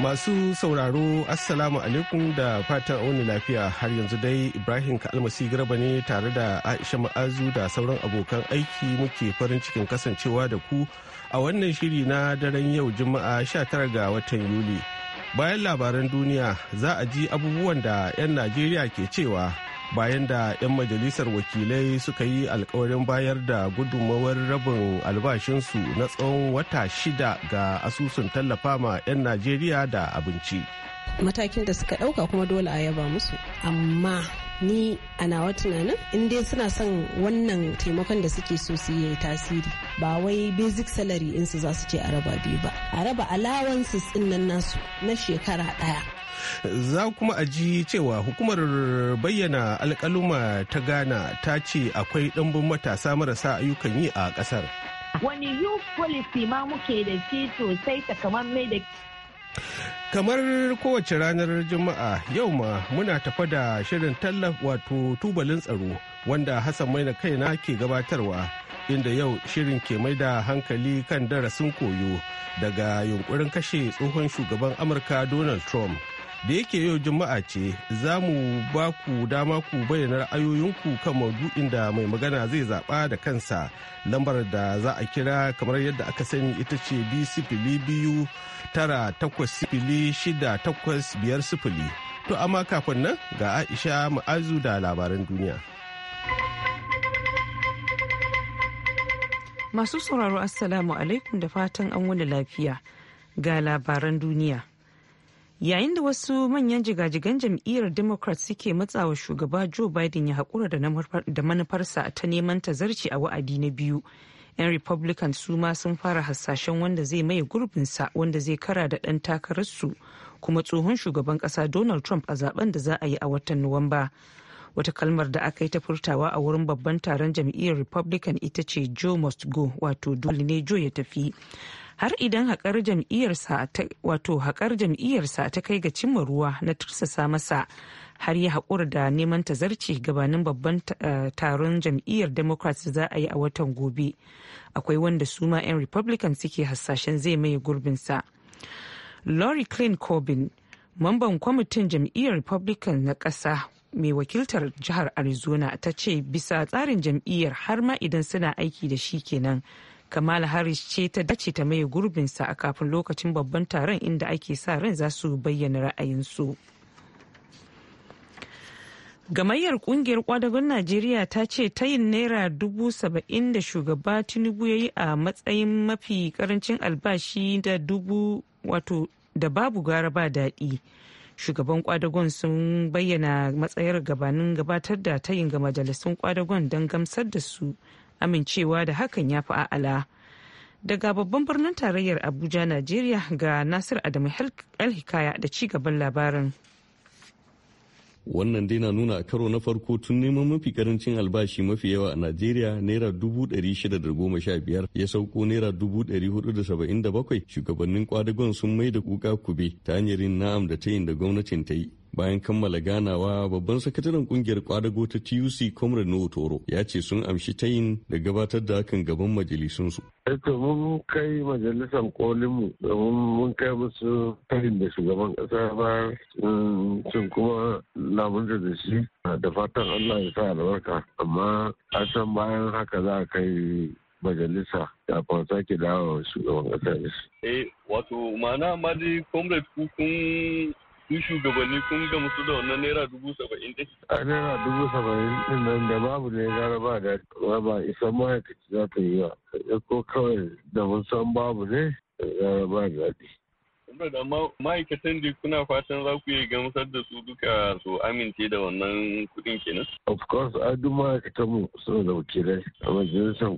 Masu sauraro Assalamu alaikum da fatan wani lafiya har yanzu dai Ibrahim Kalmasi Garba ne tare da Aisha Ma'azu da sauran abokan aiki muke farin cikin kasancewa da ku a wannan shiri na daren yau Juma'a 19 ga watan Yuli. Bayan labaran duniya za a ji abubuwan da 'yan Najeriya ke cewa bayan da 'yan majalisar wakilai suka yi alkawarin bayar da gudummawar rabin albashinsu na tsawon wata shida ga asusun tallafa ma 'yan najeriya da abinci matakin da suka ɗauka kuma dole a yaba musu amma ni a nawa tunanin in dai suna son wannan taimakon da suke so su yi tasiri ba wai basic salary insu za su ce a raba biyu ba a raba alawansu tsinnan nasu na shekara ɗaya za kuma a ji cewa hukumar bayyana alkaluma ta ghana ta ce akwai ɗanbin matasa marasa ayyukan yi a ƙasar wani youth policy ma muke da shi sosai takamamme da kamar kowace ranar juma'a yau ma muna tafa da shirin tallaf wato tubalin tsaro wanda hassan mai na kaina ke gabatarwa inda yau shirin ke mai da hankali kan darasin koyo daga yunkurin kashe tsohon shugaban amurka donald trump da yake yau juma'a ce za mu ba ku dama ku bayyana ra'ayoyinku kan maudu'in da mai magana zai zaɓa da kansa lambar da za a kira kamar yadda aka sani ita ce b sifili biyu tara takwas sifili shida takwas biyar sifili to amma kafin nan ga aisha ma'azu da labaran duniya masu sauraro assalamu alaikum da fatan an wani lafiya ga labaran duniya yayin da wasu manyan jigajigan jam'iyyar democrat suke matsawa shugaba joe biden ya haƙura da manufarsa ta neman zarci a wa'adi na biyu 'yan republican su ma sun fara hasashen wanda zai maye gurbinsa wanda zai kara da ɗan takararsu kuma tsohon shugaban ƙasa donald trump a zaben da za a yi a watan nuwamba wata kalmar da aka yi ta furtawa a wurin babban taron jam'iyyar republican ita ce joe must go wato dole ne joe ya tafi har idan haƙar jam'iyyarsa wato haƙar jam'iyyarsa ta kai ga cimma ruwa na tursasa masa har ya haƙura da neman ta tazarci gabanin babban eh, taron jam'iyyar democrats za a yi a watan gobe akwai wanda su ma 'yan republican suke hasashen zai maye gurbinsa lori clint corbin mamban kwamitin jam'iyyar republican na ƙasa mai wakiltar jihar arizona ta ce bisa tsarin jam'iyyar har ma idan suna aiki da shi kenan kamala harris ce ta dace ta maye gurbinsa a kafin lokacin babban taron inda ake sa ran za su bayyana ra'ayinsu gamayyar kungiyar kwadagon najeriya ta ce ta yin naira dubu saba'in da shugaba tinubu ya yi a matsayin mafi karancin albashi da dubu wato da babu gara ba daɗi shugaban kwadagon sun bayyana matsayar gabanin gabatar da tayin ga majalisun kwadagon don gamsar da su amincewa da hakan ya fi a'ala daga babban birnin tarayyar abuja najeriya ga nasir adamu alhikaya da ci gaban labarin wannan dai na nuna a karo na farko tun neman mafi karancin albashi mafi yawa a najeriya naira dubu shida da goma ya sauko naira dubu hudu shugabannin kwadagon sun mai da kuka kube ta hanyar na'am da tayin da gwamnatin ta yi bayan kammala ganawa babban sakataren kungiyar kwadago ta tuc comrade no toro ya ce sun amshi ta yin da gabatar da hakan gaban majalisunsu Eto eh, mun kai majalisar kolinmu domin mun kai musu tarin da shugaban kasa ba mm, sun kuma lamunta da shi da fatan allah ya sa albarka amma a san bayan haka za a kai majalisa da sake dawo shugaban kasa eh wato ma'ana ma dai comrade kukun ku shugabanni kun ga musu da wannan naira dubu saba'in ɗin. a naira dubu saba'in ɗin nan da babu ne gara ba da ba isa ma'aikaci za ta yi wa ko kawai da mun san babu ne gara ba daɗi. da ma'aikatan da kuna fatan za ku iya gamsar da su duka su amince da wannan kuɗin kenan. Of course, a duk ma'aikatan mu suna da wakilai a majalisar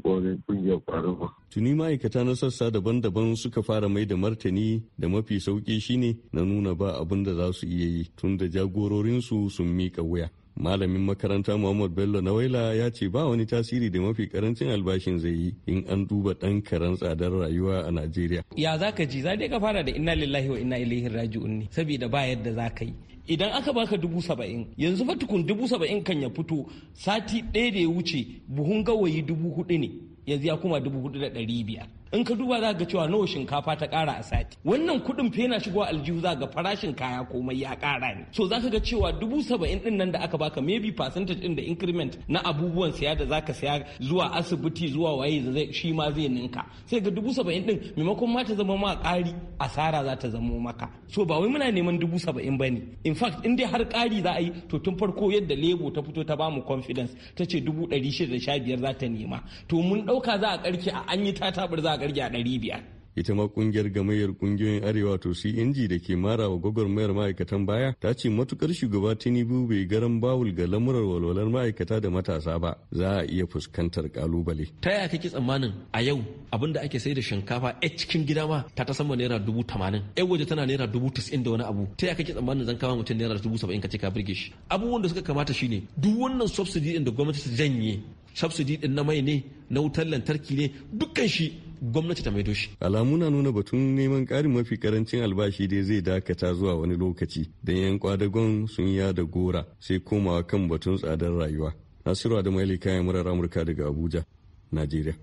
ƙungiyar ƙwarin Tuni ma'aikata na sassa daban-daban suka fara mai da martani da mafi sauki shine na nuna ba abin da za su iya yi tun da jagororinsu sun miƙa wuya. malamin makaranta muhammad bello na waila ya ce ba wani tasiri da mafi karancin albashin zai yi in an duba dan karan tsadar rayuwa a najeriya ya zaka ji za ka fara da inna lillahi wa inna ilaihi raji'un ne saboda ba yadda za ka yi idan aka baka dubu saba'in yanzu fa tukun dubu saba'in kan ya fito sati ɗaya da ya wuce buhun gawayi dubu hudu ne yanzu ya kuma dubu hudu da ɗari biyar in ka duba za ga cewa nawa shinkafa ta kara a sati wannan kuɗin fa yana shigowa aljihu za ga farashin kaya komai ya kara ne so za ka ga cewa dubu saba'in din nan da aka baka maybe percentage din da increment na abubuwan siya da za ka siya zuwa asibiti zuwa waye shi ma zai ninka sai ga dubu saba'in din maimakon ma ta zama ma ƙari asara za ta zamo maka so ba wai muna neman dubu saba'in ba ne in fact in dai har ƙari za a yi to tun farko yadda lebo ta fito ta bamu confidence ta ce dubu ɗari shida da sha biyar za ta nema to mun ɗauka za a ƙarke a an yi za a karya ɗari biyar. ita ma kungiyar gamayyar kungiyoyin arewa to cng da ke mara wa gwagwarmayar ma'aikatan baya ta ce matukar shugaba tinubu bai garan bawul ga lamurar walwalar ma'aikata da matasa ba za a iya fuskantar kalubale ta yaya kake tsammanin a yau abinda ake sai da shinkafa a cikin gida ma ta ta sama naira dubu tamanin yan waje tana naira dubu tasi'in da wani abu ta yaya kake tsammanin zan kama mutum naira dubu saba'in ka ce ka birge shi abubuwan da suka kamata shine duk wannan subsidy din da gwamnati ta janye subsidy din na mai ne na wutar lantarki ne dukkan shi gwamnati ta maido shi. Alamu na nuna batun neman ƙarin mafi karancin albashi dai zai dakata zuwa wani lokaci don 'yan kwadagon sun ya da gora sai komawa kan batun tsadar rayuwa. Nasiru Adamu Ali kayan murar Amurka daga Abuja, Najeriya.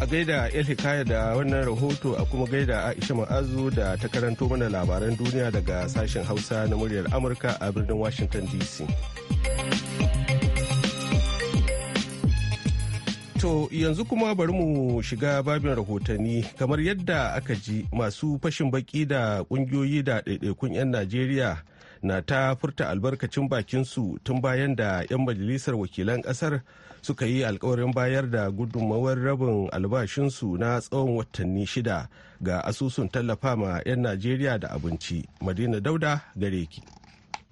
A gaida Elhikaya da wannan rahoto a kuma gaida Aisha Ma'azu da ta karanto mana labaran duniya daga sashen Hausa na muryar Amurka a birnin Washington DC. To yanzu kuma bari mu shiga babin rahotanni kamar yadda aka ji masu fashin baki da kungiyoyi da ɗaiɗaikun 'yan Najeriya na ta furta albarkacin bakinsu tun bayan da 'yan majalisar wakilan ƙasar suka yi alkawarin bayar da gudunmawar rabin albashinsu na tsawon watanni shida ga asusun tallafa ma 'yan Najeriya da abinci. Madina Dauda gare ki.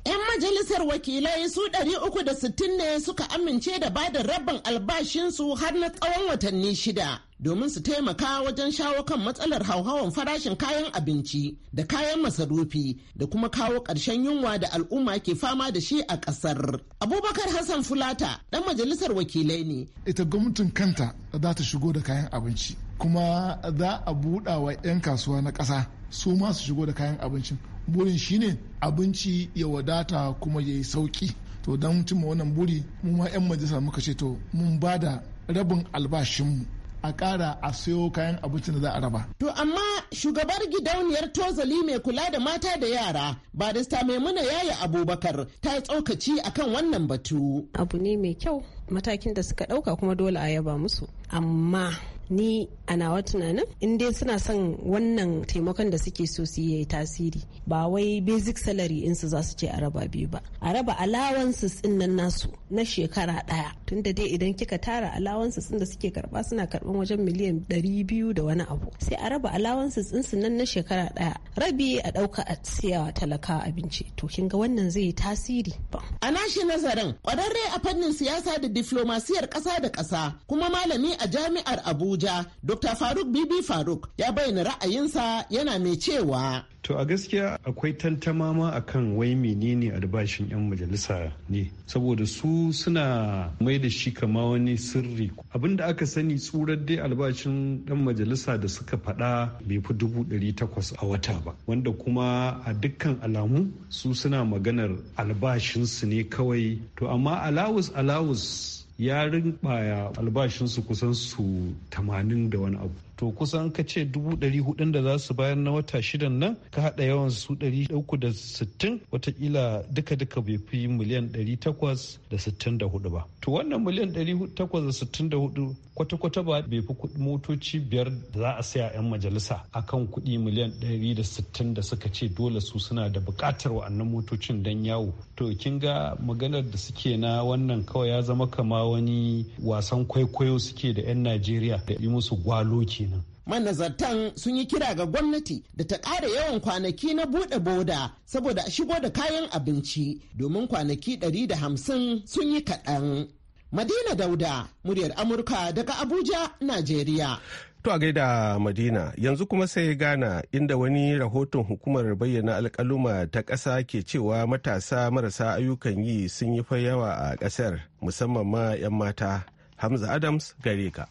'Yan majalisar wakilai su 360 ne suka amince da bada rabin albashinsu har na tsawon watanni shida. domin su taimaka wajen shawo kan matsalar hauhawan farashin kayan abinci da kayan masarufi da kuma kawo ƙarshen yunwa da al'umma ke fama da shi a ƙasar. Abubakar Hassan Fulata ɗan majalisar wakilai ne. Ita gwamnatin kanta za ta shigo da kayan abinci kuma za a buɗa wa 'yan kasuwa na ƙasa su ma su shigo da kayan abincin burin shine abinci ya wadata kuma ya yi sauki to don cimma wannan buri mu ma 'yan majalisa muka ce to mun ba da rabin albashinmu a kara a sayo kayan abincin da za a raba. To amma shugabar gidauniyar tozali mai kula da mata da yara barista maimuna yaya abubakar ta yi tsokaci akan wannan batu. Abu ne mai kyau matakin da suka ɗauka kuma dole a yaba musu amma ni a nawa tunanin in dai suna son wannan taimakon da suke so su yi tasiri ba wai basic salary in su za su ce a raba biyu ba a raba allowances din nan nasu na shekara daya tunda dai idan kika tara allowances din da suke karba suna karban wajen miliyan 200 da wani abu sai a raba allowances din su nan na shekara daya rabi a dauka a siya talaka abinci to kin ga wannan zai yi tasiri ba a nashi nazarin kwararre a fannin siyasa da diflomasiyar kasa da kasa kuma malami a jami'ar Abuja Abuja, Dr. Faruk Bibi Faruk ya bayyana ra'ayinsa yana mai cewa. To a gaskiya akwai tantama ma kan wai menene albashin 'yan majalisa ne, saboda su suna mai da shi kama wani sirri. Abin da aka sani tsurar dai albashin yan majalisa da suka faɗa bai fi dubu ɗari takwas a wata ba, wanda kuma a dukkan alamu su suna maganar albashinsu ne kawai. To amma alawus alawus ya rinkaya albashinsu kusan su tamanin da wani abu to kusan ka ce dubu ɗari hudun da za su bayar na wata shidan nan ka haɗa yawan su ɗari uku da sittin watakila duka duka bai fi miliyan ɗari takwas da sittin da hudu ba to wannan miliyan ɗari takwas da sittin da hudu kwata-kwata ba bai fi motoci biyar da za a saya 'yan majalisa akan kuɗi miliyan ɗari da sittin da suka ce dole su suna da buƙatar wa'annan motocin don yawo to kin ga maganar da suke na wannan kawai ya zama kama wani wasan kwaikwayo suke da 'yan najeriya da yi musu gwalo ke manazartan sun yi kira ga gwamnati da ta ƙara yawan kwanaki na buɗe boda saboda a shigo da kayan abinci domin kwanaki 150 sun yi kaɗan. Madina Dauda, muryar Amurka daga Abuja, Najeriya. To a gaida Madina, yanzu kuma sai gana inda wani rahoton hukumar bayyana alkaluma ta ƙasa ke cewa matasa marasa ayyukan yi sun yi fa yawa a ƙasar musamman ma 'yan mata. Hamza Adams gare ka.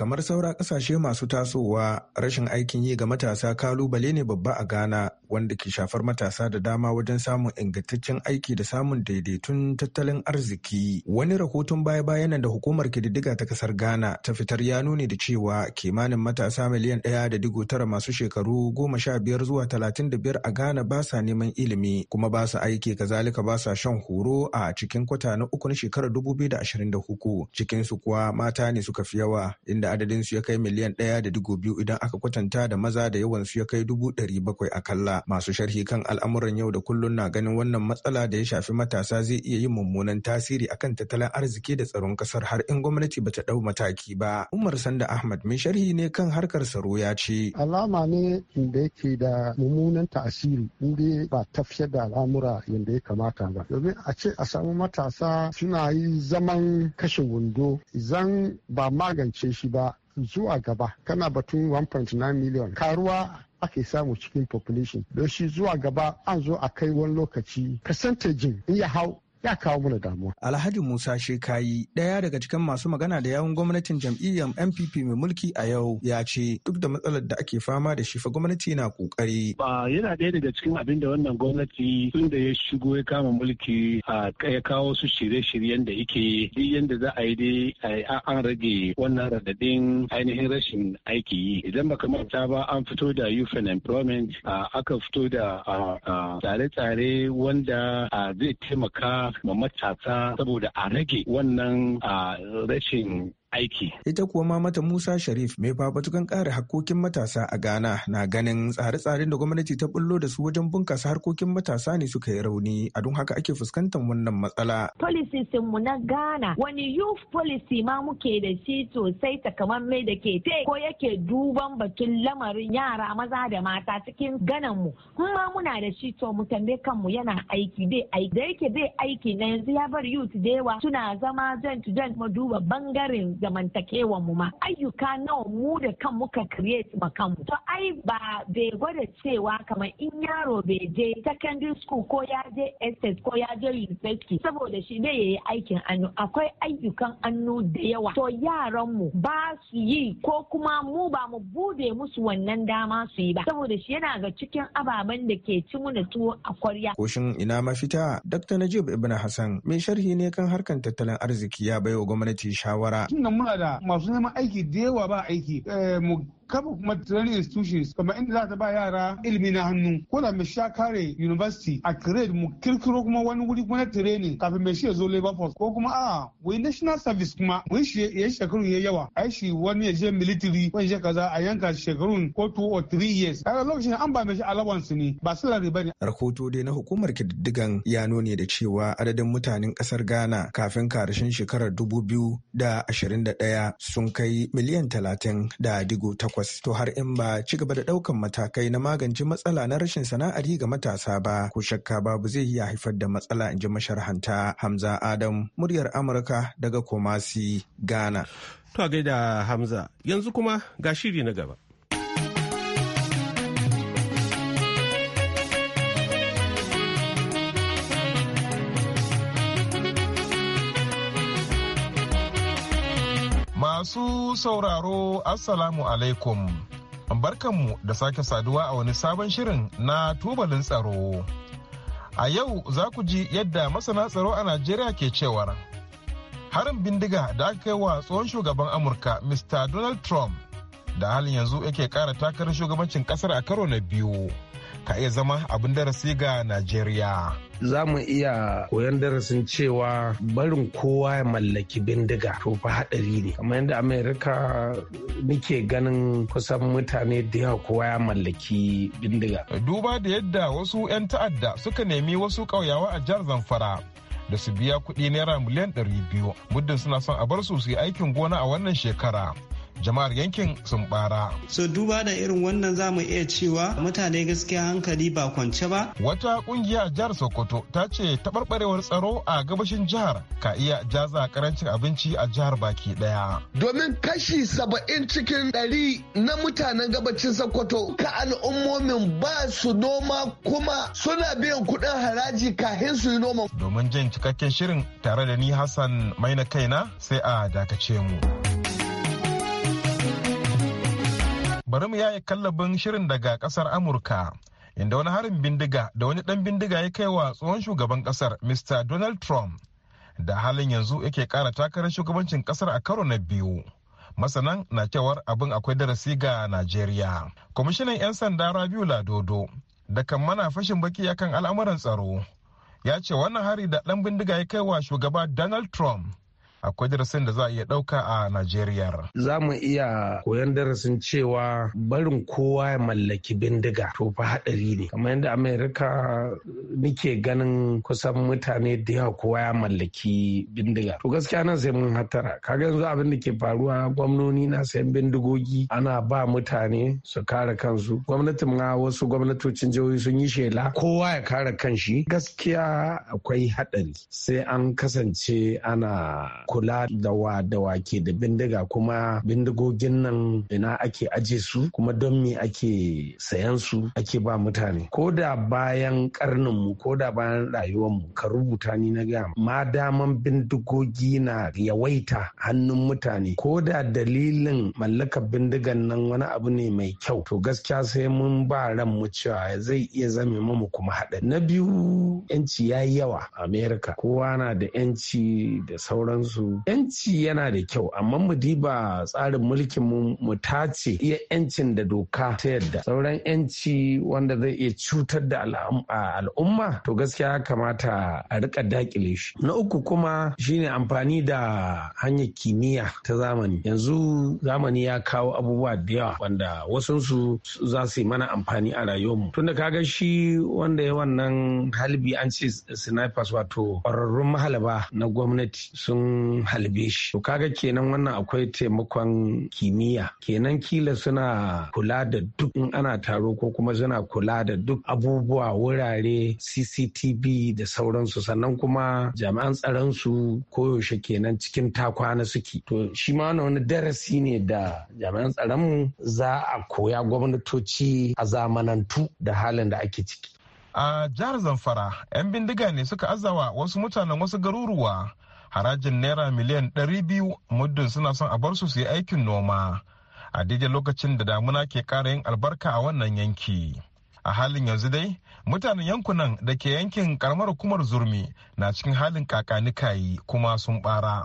kamar saura ƙasashe masu tasowa rashin aikin yi ga matasa kalubale ne babba a ghana wanda ke shafar matasa da dama wajen samun ingantaccen aiki da samun daidaitun tattalin arziki. Wani rahoton baya-bayan da hukumar kididdiga ta kasar Ghana ta fitar ya nuni da cewa kimanin matasa miliyan ɗaya tara masu shekaru goma sha biyar zuwa talatin biyar a Ghana ba sa neman ilimi kuma ba su aiki kazalika ba sa shan horo a cikin kwata na uku na shekarar dubu biyu da kuwa mata ne suka fi yawa inda adadinsu ya kai miliyan ɗaya idan aka kwatanta da maza da yawansu ya kai dubu ɗari bakwai kalla masu sharhi kan al'amuran yau da kullun na ganin wannan matsala da ya shafi matasa zai iya yin mummunan tasiri akan tattalin arziki da tsaron kasar har in gwamnati bata dau mataki ba. Umar Sanda Ahmad mai sharhi ne kan harkar tsaro ya ce. Alama ne da yake da mummunan tasiri inda ba tafiyar da al'amura yadda ya kamata ba. Domin a ce a samu matasa suna yi zaman kashe wando zan ba magance shi ba zuwa gaba kana batun 1.9 miliyan karuwa ake samu cikin population don shi zuwa gaba an zo a kai wani lokaci percentage in ya hau ya kawo mana damuwa. Alhaji Musa Shekayi ɗaya daga cikin masu magana da yawun gwamnatin jam'iyyar MPP mai mulki a yau ya ce duk da matsalar da ake fama da shi fa gwamnati na kokari. Ba yana ɗaya daga cikin abin da wannan gwamnati tun da ya shigo ya kama mulki a ya kawo su shirye-shiryen da yake duk yadda za a yi dai an rage wannan radadin ainihin rashin aiki yi. Idan kamar ta ba an fito da youth and employment aka fito da tsare-tsare wanda zai taimaka ma matasa saboda a rage wannan rashin aiki. Ita kuwa mata Musa Sharif mai babatukan kare harkokin matasa a Ghana na ganin tsare-tsaren da gwamnati ta bullo da su wajen bunkasa harkokin matasa ne suka yi rauni a don haka ake fuskantar wannan matsala. Policies mu na Ghana wani youth policy ma muke da shi sosai takamamme da ke te ko yake duban batun lamarin yara maza da mata cikin ganan mu. Kuma muna da shi to mu tambaye kanmu yana aiki bai aiki da yake bai aiki na yanzu ya bar youth da yawa suna zama jan to mu duba bangaren zamantakewan mu ma ayyuka nawa mu da kan muka create ma kanmu to ai ba bai gwada cewa kamar in yaro bai je secondary school ko ya je SS ko ya je university saboda shi dai yayi aikin hannu akwai ayyukan annu da yawa to yaran mu ba su yi ko kuma mu ba mu bude musu wannan dama su yi ba saboda shi yana ga cikin ababen da ke ci mu tuwo a kwarya koshin ina mafita dr najib ibn hassan mai sharhi ne kan harkan tattalin arziki ya baiwa gwamnati shawara muna da masu neman aiki da yawa ba aiki eh, mu kama kuma training institutions kamar inda za ta ba yara ilimi na hannu ko da mai sha kare university a create mu kirkiro kuma wani wuri kuma na training kafin mai shi ya zo labor force ko kuma a wai national service kuma wai shi ya shekaru ya yawa a shi wani ya je military wani ya kaza a yanka shekarun ko two or three years kaga lokacin an ba mai shi allowance ne ba salary bane rahoto dai na hukumar kididdigan ya nune da cewa adadin mutanen kasar Ghana kafin karshen shekarar 2021 sun kai miliyan 30 da digo 8 takwas to har in ba ci gaba da ɗaukan matakai na magance matsala na rashin sana'ar ga matasa ba ko shakka babu zai iya haifar da matsala in ji masharhanta Hamza Adam muryar Amurka daga Komasi Ghana. To a gaida Hamza yanzu kuma ga shiri na gaba. Masu sauraro Assalamu alaikum. Barkanmu da sake saduwa a wani sabon shirin na tubalin tsaro. A yau za ku ji yadda masana tsaro a Najeriya ke cewar. Harin bindiga da aka kai wa tsohon shugaban Amurka Mr. Donald Trump da halin yanzu yake kara takarar shugabancin kasar a karo na biyu. ka iya zama abin darasi ga Najeriya. Za mu iya koyon darasin cewa barin kowa ya mallaki bindiga to fa haɗari ne. Kamar yadda Amerika muke ganin kusan mutane da yawa kowa ya mallaki bindiga. Duba da yadda wasu 'yan ta'adda suka nemi wasu ƙauyawa a jihar Zamfara da su biya kuɗi naira miliyan 200 muddin suna son a bar su su yi aikin gona a wannan shekara. jama'ar yankin sun bara. So duba da irin wannan za mu iya cewa mutane gaskiya hankali ba kwance ba. Wata kungiya jihar Sokoto ta ce taɓarɓarewar tsaro a gabashin jihar ka iya jaza karancin abinci a jihar baki ɗaya. Domin kashi saba'in cikin ɗari na mutanen gabacin Sokoto ka al'ummomin ba su noma kuma suna biyan kuɗin haraji kahin su yi noma. Domin jin cikakken shirin tare da ni Hassan Maina kaina sai a dakace mu. bari mu yaye kallabin shirin daga kasar amurka inda wani harin bindiga da wani dan bindiga ya kai wa tsohon shugaban kasar mr donald trump da halin yanzu yake kara takarar shugabancin kasar a karo na biyu masanan na cewar abin akwai darasi ga najeriya kwamishinan 'yan sanda rabiu ladodo da kan mana fashin baki akan al'amuran tsaro ya ce wannan hari da dan bindiga ya kai wa shugaba donald trump akwai darasin da za a iya ɗauka a Najeriya. Za mu iya koyon darasin cewa barin kowa ya mallaki bindiga to fa haɗari ne. Kamar yadda Amerika nike ganin kusan mutane da yawa kowa ya mallaki bindiga. To gaskiya nan sai mun hatara. Kaga yanzu abin da ke faruwa gwamnoni na sayan bindigogi ana ba mutane su kare kansu. Gwamnatin ma wasu gwamnatocin jihohi sun yi shela kowa ya kare kanshi. Gaskiya akwai haɗari sai an kasance ana kula da wa da wake da bindiga kuma bindigogin nan ina ake aje su kuma don me ake sayan su ake ba mutane ko da bayan karnin mu ko da bayan rayuwar mu ka rubuta ni na gaya ma daman bindigogi na yawaita hannun mutane ko da dalilin mallakar bindigan nan wani abu ne mai kyau to gaskiya sai mun ba ran mu cewa zai iya zame mu kuma hada na biyu yanci yayi yawa amerika kowa na da yanci da sauransu wato yanci yana da kyau amma mu diba tsarin mulkin mu mu tace iya yancin da doka ta yadda sauran yanci wanda zai iya cutar da al'umma to gaskiya ya kamata a rika dakile shi na uku kuma shine amfani da hanyar kimiyya ta zamani yanzu zamani ya kawo abubuwa da yawa wanda su za su yi mana amfani a rayuwarmu tunda kaga shi wanda ya wannan halbi an ce snipers wato ƙwararrun mahalaba na gwamnati sun an halbe shi to kaga kenan wannan akwai taimakon kimiyya kenan kila suna kula da duk in ana taro ko kuma suna kula da duk abubuwa wurare cctv da sauransu sannan kuma jami'an tsaron su koyaushe kenan cikin takwana suke to shi ma wani darasi ne da jami'an tsaron mu za a koya gwamnatoci a zamanantu da halin da ake ciki a jihar zamfara 'yan bindiga ne suka azawa wasu mutanen wasu garuruwa harajin naira miliyan 200 muddin suna son a bar su su yi aikin noma a daidai lokacin da damuna ke ƙara yin albarka a wannan yanki a halin yanzu dai mutanen yankunan da ke yankin karamar hukumar zurmi na cikin halin kakanikayi kuma sun bara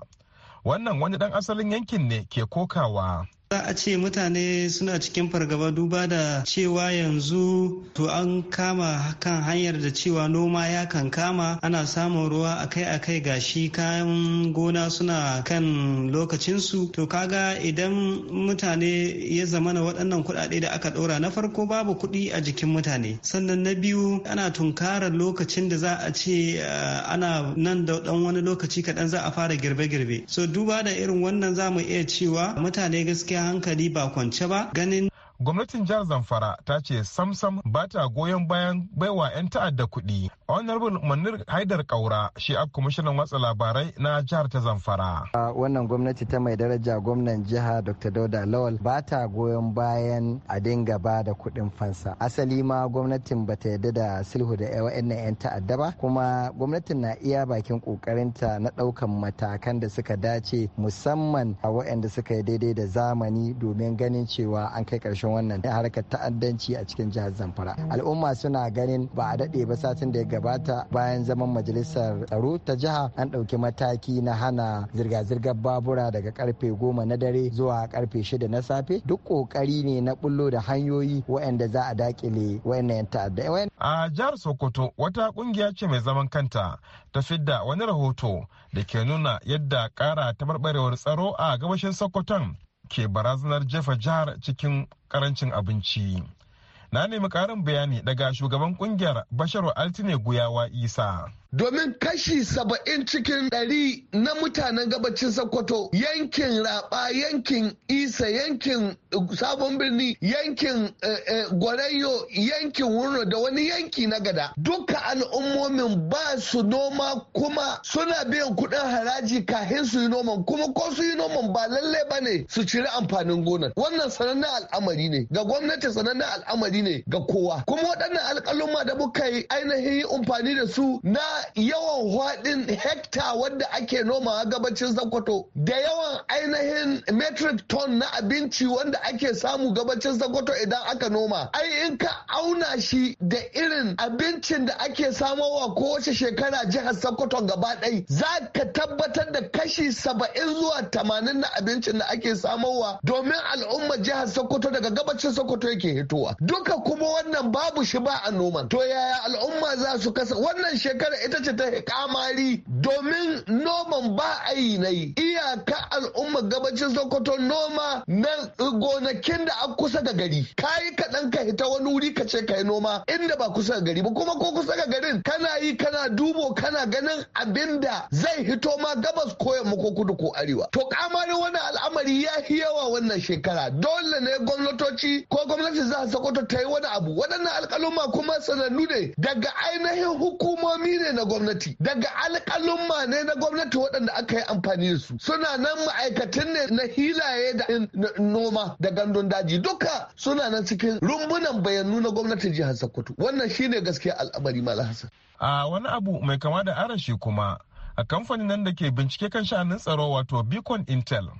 wannan wani dan asalin yankin ne ke kokawa za a ce mutane suna cikin fargaba duba da cewa yanzu to an kama kan hanyar da cewa noma ya kan kama ana samun ruwa akai-akai gashi kayan gona suna kan lokacinsu to kaga idan mutane ya zamana waɗannan kuɗaɗe da aka ɗora na farko babu kuɗi a jikin mutane sannan na biyu ana tunkarar lokacin da za a ce eh, ana nan da ɗan wani lokaci kaɗan za a fara girbe-girbe so duba da irin wannan za mu iya cewa mutane gaskiya gaskiya hankali ba kwance ba ganin gwamnatin jihar zamfara ta ce samsam ba ta goyon bayan baiwa 'yan ta'adda kuɗi honorable manir haidar kaura shi a kwamishinan watsa labarai na jihar ta zamfara wannan gwamnati ta mai daraja gwamnan jiha dr dauda lawal ba ta goyon bayan a dinga ba da kudin fansa asali ma gwamnatin ba ta yadda da sulhu da wa'annan 'yan ta'adda ba kuma gwamnatin na iya bakin kokarinta na ɗaukan matakan da suka dace musamman a waɗanda suka yi daidai da zamani domin ganin cewa an kai karshen wannan harkar ta'addanci a cikin jihar zamfara al'umma suna ganin ba a daɗe ba satin da ya gabata bayan zaman majalisar tsaro ta jiha an ɗauki mataki na hana zirga-zirgar babura daga karfe goma na dare zuwa karfe shida na safe duk ƙoƙari ne na bullo da hanyoyi waɗanda za a dakile waɗannan ta'adda. A jihar Sokoto wata ƙungiya ce mai zaman kanta ta fidda wani rahoto da ke nuna yadda ƙara barbarewar tsaro a gabashin Sokoton ke barazanar jefa jihar cikin ƙarancin abinci. na nemi karin bayani daga shugaban kungiyar basharu altine guyawa isa domin kashi saba'in cikin ɗari na mutanen gabacin Sokoto yankin Raba yankin Isa yankin uh, Sabon Birni yankin uh, uh, Gwarayyo yankin Wurno da wani yanki na gada duka al'ummomin ba su noma kuma suna biyan kuɗin haraji kahin su yi noman kuma ko su yi noman ba lalle ba ne su cire amfanin gonar wannan sanannen al'amari ne ga gwamnati sanannen al'amari ne ga kowa kuma waɗannan alƙaluma da muka yi ainihin amfani da su na yawan hwaɗin hekta wadda ake nomawa gabacin Sokoto da yawan ainihin metric ton na abinci wanda ake samu gabacin Sokoto idan aka noma. Ai in ka auna shi da irin abincin da ake samowa kowace shekara jihar Sokoto gaba ɗai za ka tabbatar da kashi saba'in zuwa tamanin na abincin da ake samowa domin al'ummar jihar Sokoto daga gabacin Sokoto yake hitowa. Duka kuma wannan babu shi ba a noman. To yaya al'umma za su kasa wannan shekara ita ce ta kamari domin noman ba a yi na yi iyaka al'umma gabacin sokoto noma na gonakin da a kusa ga gari kayi kaɗan ka hita wani wuri ka ce ka yi noma inda ba kusa ga gari ba kuma ko kusa ga garin kana yi kana dubo kana ganin abin da zai hito ma gabas ko yamma ko kudu ko arewa to kamarin wani al'amari ya fi yawa wannan shekara dole ne gwamnatoci ko gwamnati za sokoto ta yi wani abu waɗannan alƙaluma kuma sanannu ne daga ainihin hukumomi ne na gwamnati daga alƙalumma ne na gwamnati waɗanda aka yi amfani da su suna nan ma'aikatan ne na hilaye da noma da gandun daji duka suna nan cikin rumbunan bayanu na gwamnatin jihar Sokoto wannan shine gaskiya al'amari malam Hassan a wani abu mai kama da arashi kuma a kamfanin nan da ke bincike kan sha'anin tsaro wato Beacon Intel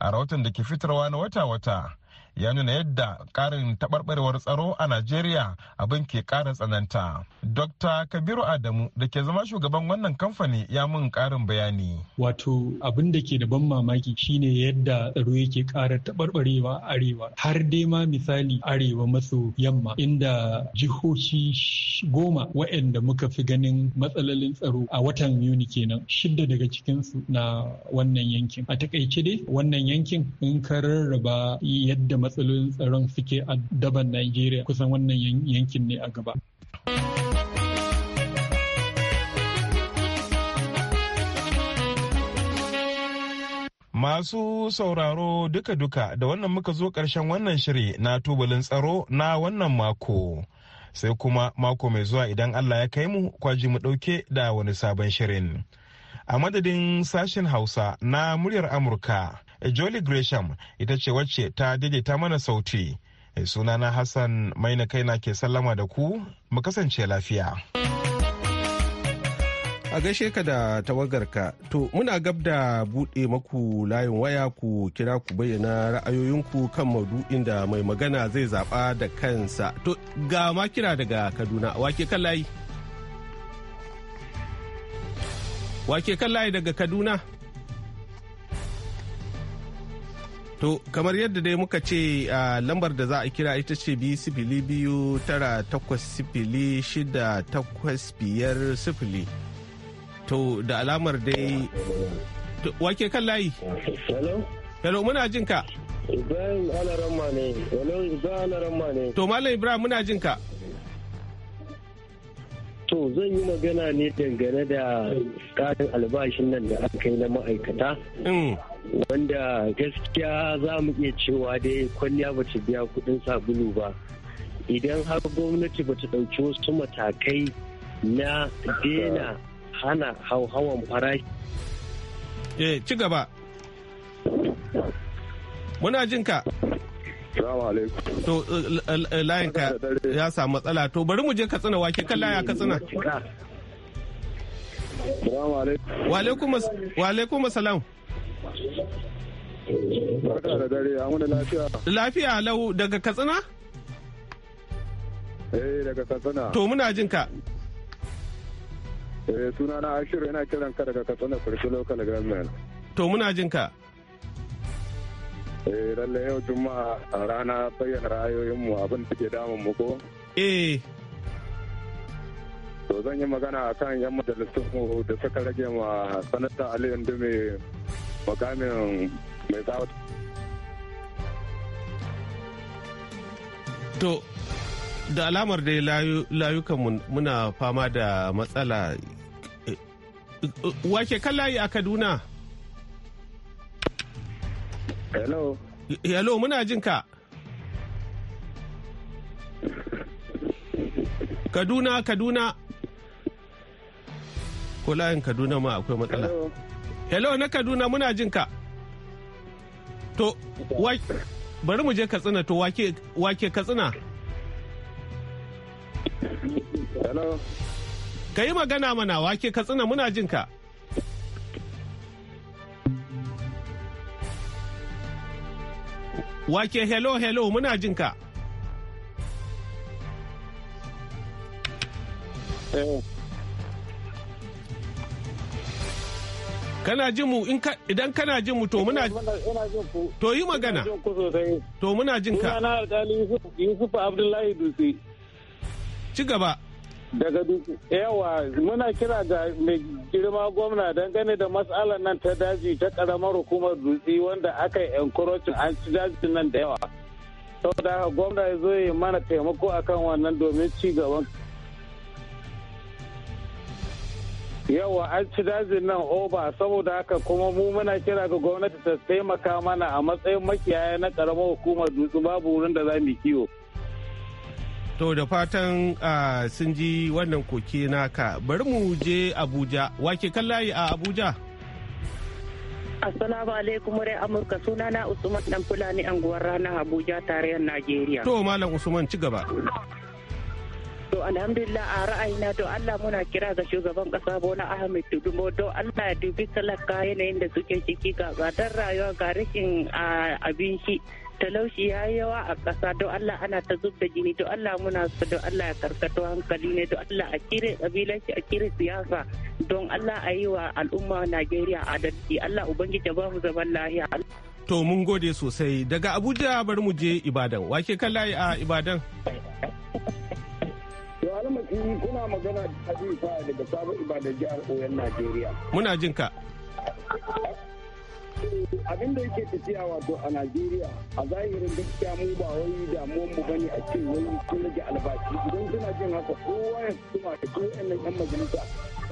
a rahoton da ke fitarwa na wata-wata ya nuna yadda karin taɓarɓarewar tsaro a najeriya abin ke ƙara tsananta dr kabiru adamu da ke zama shugaban wannan kamfani ya mun ƙarin bayani wato abin da ke da ban mamaki shine yadda tsaro yake ƙara taɓarɓarewa arewa har dai ma misali arewa maso yamma inda jihohi goma waɗanda muka fi ganin matsalolin tsaro a watan yuni kenan shidda daga cikinsu na wannan yankin a takaice dai wannan yankin in ka rarraba yadda matsalolin tsaron suke a daban Najeriya kusan wannan yankin ne a gaba. Masu sauraro duka-duka da wannan muka zo ƙarshen wannan shiri na tubalin tsaro na wannan mako. Sai kuma mako mai zuwa idan Allah ya kai mu kwaji mu ɗauke da wani sabon shirin. A madadin sashen Hausa na muryar Amurka, Jolly Gresham ita ce wacce ta daidaita mana sauti. Eh, sunana Hassan maina kaina ke sallama da ku mu kasance lafiya. A gaishe ka da ka to muna gab da buɗe maku layin waya ku kira ku bayyana ra'ayoyinku kan maudu'in da mai magana zai zaɓa da kansa. To ga ma kira daga Kaduna, wake kan layi? Wake kan layi daga Kaduna? To kamar yadda dai muka ce a lambar da za a kira ita ce biyu sifili biyu tara takwas sifili shida takwas biyar sifili. To da alamar dai wake kan layi. Hello? Hello muna jin ka. Ibrahim Alaramma ne. Hello Ibrahim Alaramma ne. To Malam Ibrahim muna jin ka. To zan yi magana ne dangane da ƙarin albashin nan da aka yi na ma'aikata. Mm. Wanda gaskiya za mu iya cewa dai kwalliya ba ta biya kuɗin sabulu ba. Idan har gwamnati ba ta ɗauki wasu matakai na daina hana hauhawan farashi. Eh, ci gaba. Muna jinka. ka. To layin ka ya samu matsala to bari mu je Katsina wake kan laya Katsina. Wa alaikum salam. Barka da dare, an wani lafiya. Lafiya lau daga Katsina? Eh daga Katsina. To muna jin ka. Eh suna na Ashiru yana kiran ka daga Katsina Firshi Local To muna jin ka. Eh lalle yau juma'a rana bayyana ra'ayoyinmu abin da ke damun mu ko? Eh. To zan yi magana a kan yan majalisunmu da suka rage ma sanata Ali Ndume makamin mai tsawo. To da alamar dai layukanmu muna fama da matsala eh, eh, wake kan layi a kaduna Hello. Hello, muna jin ka. Kaduna, Kaduna. Ko layin Kaduna ma akwai matsala. Hello, na Kaduna muna jin ka. To, bari mu je Katsina to wake wake Katsina. Hello. Ka yi magana mana wake Katsina muna jin ka. Wake hello hello muna jin ka. Kana jin mu idan kana jin mu to muna to yi magana. To muna jin ka. Sunana Yusuf Abdullahi Dutse. Ci gaba. daga yawa muna kira ga mai girma gwamna dangane da matsalar nan ta daji ta karamar hukumar dutse wanda aka yi encroaching an ci dajin nan da yawa saboda haka gwamna ya zo yi mana taimako akan wannan domin ci gaban yawa an ci dajin nan oba saboda haka kuma mu muna kira ga gwamnati ta taimaka mana a matsayin makiyaya na karamar hukumar dutse babu wurin da za mu kiwo. To da fatan sun ji wannan koke naka bari mu je Abuja wake kan layi a Abuja. Assalamu alaikum Amurka sunana Usman dan Fulani anguwar rana Abuja tarayyar Najeriya. To Malam Usman ci gaba. To alhamdulillah a ra'ayina to Allah muna kira ga shugaban kasa Bola Ahmed Tinubu to Allah ya dubi talaka yanayin da suke ciki ga tsadar rayuwa ga rikin abinci. talauci ya yi yawa a ƙasa don Allah ana ta zub da jini don Allah muna su don Allah ya karkato hankali ne don Allah a kire ƙabilanci a kire siyasa don Allah a yi wa al'umma Najeriya adalci Allah ubangiji ba mu zaman lahiya. To mun gode sosai daga Abuja bari mu je Ibadan wake kan layi a Ibadan. Alamaki kuna magana da Hadiza daga Sabon Ibadan jihar Oyon Najeriya. Muna jinka. abin da yake tafiya wato a najeriya a zahirin gaskiya mu ba wai damuwan mu bane a ce wai sun rage albashi idan suna jin haka kowa ya kuma da kowa yan majalisa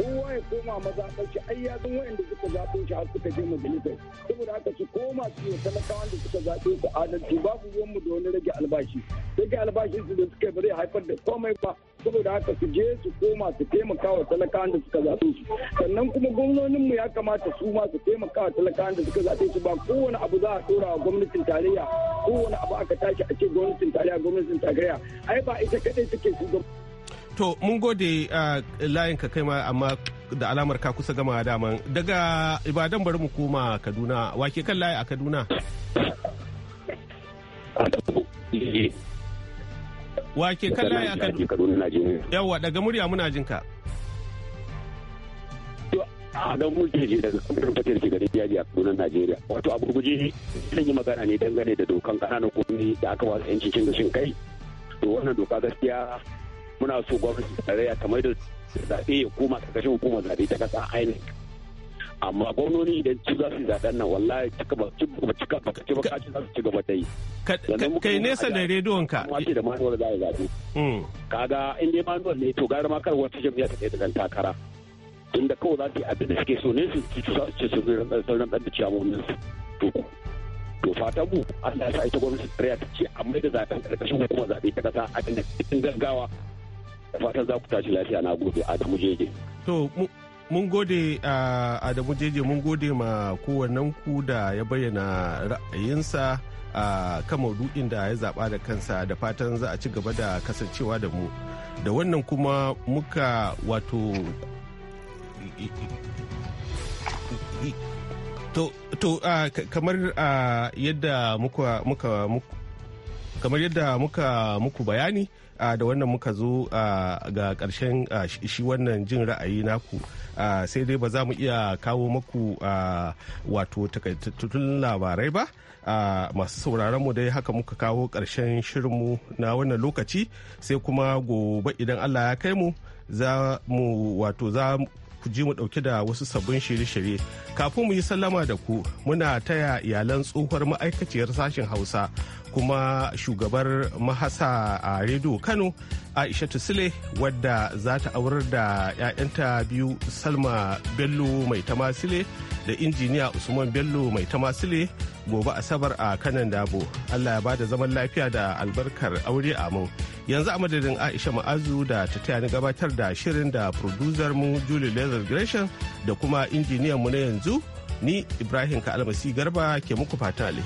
kowa ya koma maza shi ai ya san wa'anda suka zaɓe shi har suka je majalisar saboda haka su koma su yi talakawan da suka zaɓe su adalci babu ruwan mu da wani rage albashi rage albashin su da suka bari haifar da komai ba saboda haka su je su koma su taimaka wa da suka zaɓe su sannan kuma gwamnonin mu ya kamata su ma su taimaka wa da suka zaɓe su ba kowane abu za a ɗora wa gwamnatin tarayya kowane abu aka tashi a ce gwamnatin tarayya gwamnatin tarayya ai ba ita kaɗai suke shugaban To mun gode layin ka kai ma amma da alamar ka kusa gama daman daga Ibadan bari mu koma Kaduna wake kan layi a Kaduna. Wake kan layi a Kaduna. Yawwa daga murya muna jin ka. a don mulki ne daga kamfanin fatar ke garin yaji a kudunan najeriya wato abu guji zan yi magana ne dangane da dokan kananan kuɗi da aka wasu yancin cin gashin kai to wannan doka gaskiya muna so gwamnati tarayya kamar da zaɓe ya koma ƙarƙashin hukumar zaɓe ta ƙasa ainihin amma gwamnoni idan ci za su zaɓen nan wallahi cika ba ci ba cika ba ci ba kaci za su ci gaba da yi. kai nesa da rediyon ka. kuma ce da manuwar za a zaɓe. Hmm. kaga in dai manuwar ne to gara ma kar wata jami'a ta tsaye da takara. tunda kawai za su yi abin da suke so ne su ci su su sauran ɗan da ciyamomin su. to fatan mu Allah ya sa ita gwamnati tarayya ta ce amma da zaɓen ƙarƙashin hukumar zaɓe ta ƙasa a cikin gaggawa da fatan za ku tashi lafiya na gobe Adamu Jeje. To mun gode Adamu Jeje mun gode ma kowannen ku da ya bayyana ra'ayinsa a kan maudu'in da ya zaba da kansa da fatan za a ci gaba da kasancewa da mu. Da wannan kuma muka wato To, to uh, kamar uh, yadda muka, muka, muka kamar yadda muka muku bayani da wannan muka zo ga karshen shi wannan jin ra'ayi naku sai dai ba za mu iya kawo maku wato takaitattun labarai ba masu sauraron mu dai haka muka kawo karshen shirinmu na wannan lokaci sai kuma gobe idan allah ya kai mu za mu wato za ku ji mu dauke da wasu sabbin shirye-shirye kafin mu yi sallama da ku muna taya iyalan tsohuwar ma'aikaciyar sashen hausa kuma shugabar mahasa a rediyo kano aishatu sule wadda za ta aurar da 'ya'yanta biyu salma bello mai tamasile da injiniya usman bello mai tamasile gobe asabar a kanan dabo allah ya bada zaman lafiya da albarkar aure amin yanzu a madadin aisha ma'azu da ta taya ni gabatar da shirin da producer mu julie leather gresham da kuma injiniyan mu na yanzu ni ibrahim ka almasi garba ke muku fatali.